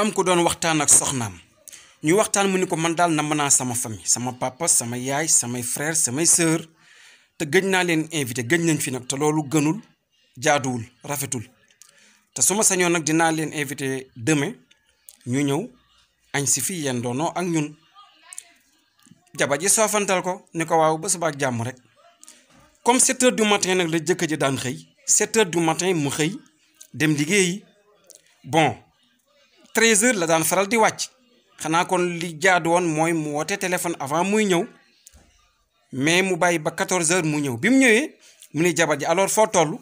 am ko doon waxtaan ak soxnaam ñu waxtaan mu ni ko man daal namm naa sama famille sama papa sama yaay samay frère samay sœur te gëj naa leen invité gëj nañ fi nag te loolu gënul jaaduwul rafetul te su ma sañoon nag dinaa leen invité deme ñu ñëw añ si fii yéen doonoo ak ñun jabar ji soofantal ko ni ko waaw ba suba jàmm rek comme 7 du matin nag la jëkkër ji daan xëy 7 du matin mu xëy dem liggéeyi bon treize heures la daan faral di wàcc xanaa kon li jaadu woon mooy mu woote téléphone avant muy ñëw mais mu bàyyi ba quatorze heures mu ñëw bi mu ñëwee mu ne jabar ji alors foo toll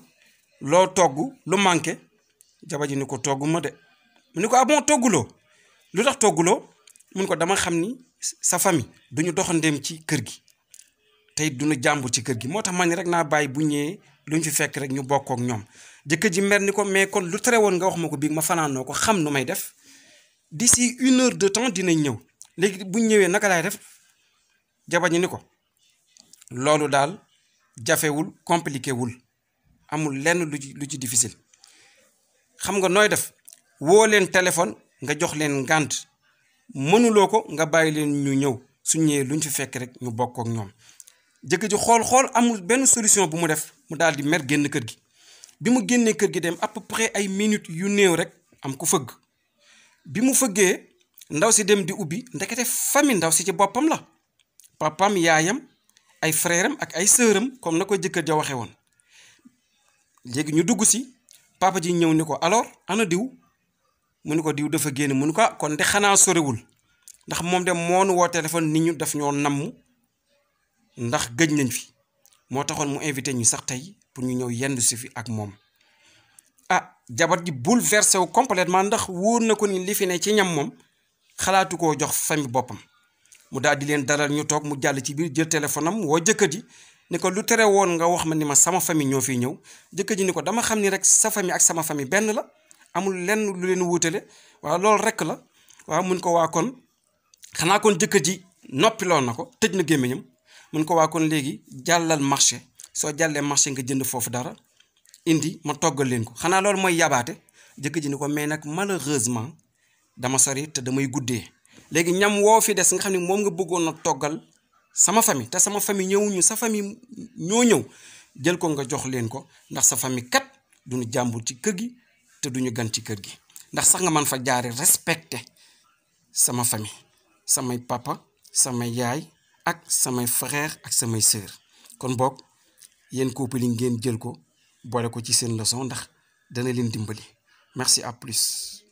loo togg lu manqué jabar ji ni ko togg ma de mu ni ko ah togguloo lu tax togguloo mun ko dama xam ni sa famille du ñu doxandeem ci kër gi tey du nu jàmbur ci kër gi moo tax man rek naa bàyyi bu ñëwee lu ñu fi fekk rek ñu bokk ak ñoom jëkkër ji mer ni ko mais kon lu tere woon nga wax ma ko biig ma fanaanoo ko xam nu may def d'ici une heure de temps dinañ ñëw léegi bu ñëwee naka laay def jabar ñi ni ko loolu daal jafewul compliqué wul amul lenn lu ci lu ci difficile xam nga nooy def woo leen téléphone nga jox leen ngànt mënuloo ko nga bàyyi leen ñu ñëw su ñëwee lu ñu fi fekk rek ñu bokk ak ñoom jëkk ji xool xool amul benn solution bu mu def mu daal di mer génn kër gi bi mu génnee kër gi dem à peu ay minutes yu néew rek am ku fëgg bi mu fëggee ndaw si dem di ubbi ndekete famille ndaw si ci boppam la papam yaayam ay frère ak ay sœur am comme na ko jëkkër ja waxe woon léegi ñu dugg si papa ji ñëw ni ko alors ana diw mu ni ko diw dafa génn mu ni ko ah, kon de xanaa sorewul ndax moom de nu woo téléphone nit ñu daf ñoo namm ndax gëj nañ fi moo taxoon mu invité ñu sax tey pour ñu ñëw yenn si fi ak moom ah jabar ji bouleversé wu complètement ndax wóor na ko ni li fi ne ci ñam moom xalaatu koo jox famille boppam mu daal di leen dalal ñu toog mu jàll ci biir jël téléphone am woo jëkkër ji ni ko lu tere woon nga wax ma ni ma sama famille ñoo fiy ñëw jëkkër ji ni ko dama xam ni rek sa famille ak sama famille benn la amul lenn lu leen wuutale waaw loolu rek la waaw mun ko waa kon xanaa kon jëkkër ji noppiloon na ko tëj na gémmiñam mun ko waa kon léegi jàllal marché soo jàllee marché nga jënd foofu dara indi ma toggal leen ko xanaa loolu mooy yabaate jëkk ji ni ko mais nag malheureusement dama sori te damay guddee léegi ñam woo fi des nga xam ne moom nga bëggoon a toggal sama famille te sama famille ñëwuñu sa famille ñoo ñëw jël ko nga jox leen ko ndax sa famille kat duñu jàmbur ci kër gi te duñu gan ci kër gi ndax sax nga man fa jaare respecté sama famille samay papa samay yaay ak samay frère ak samay sœur kon boog yéen couple yi ngeen jël ko boole ko ci seen la leçon ndax dana leen dimbali merci à plus